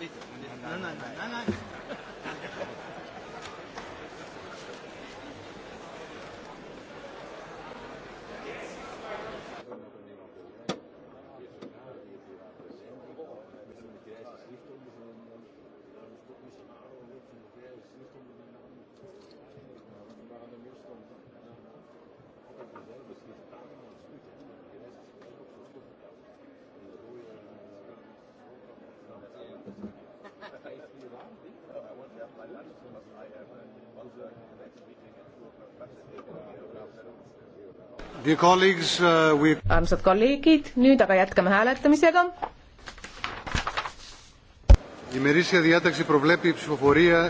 bitte. Nein, nein, nein, nein, nein. Uh, armsad kolleegid, nüüd aga jätkame hääletamisega.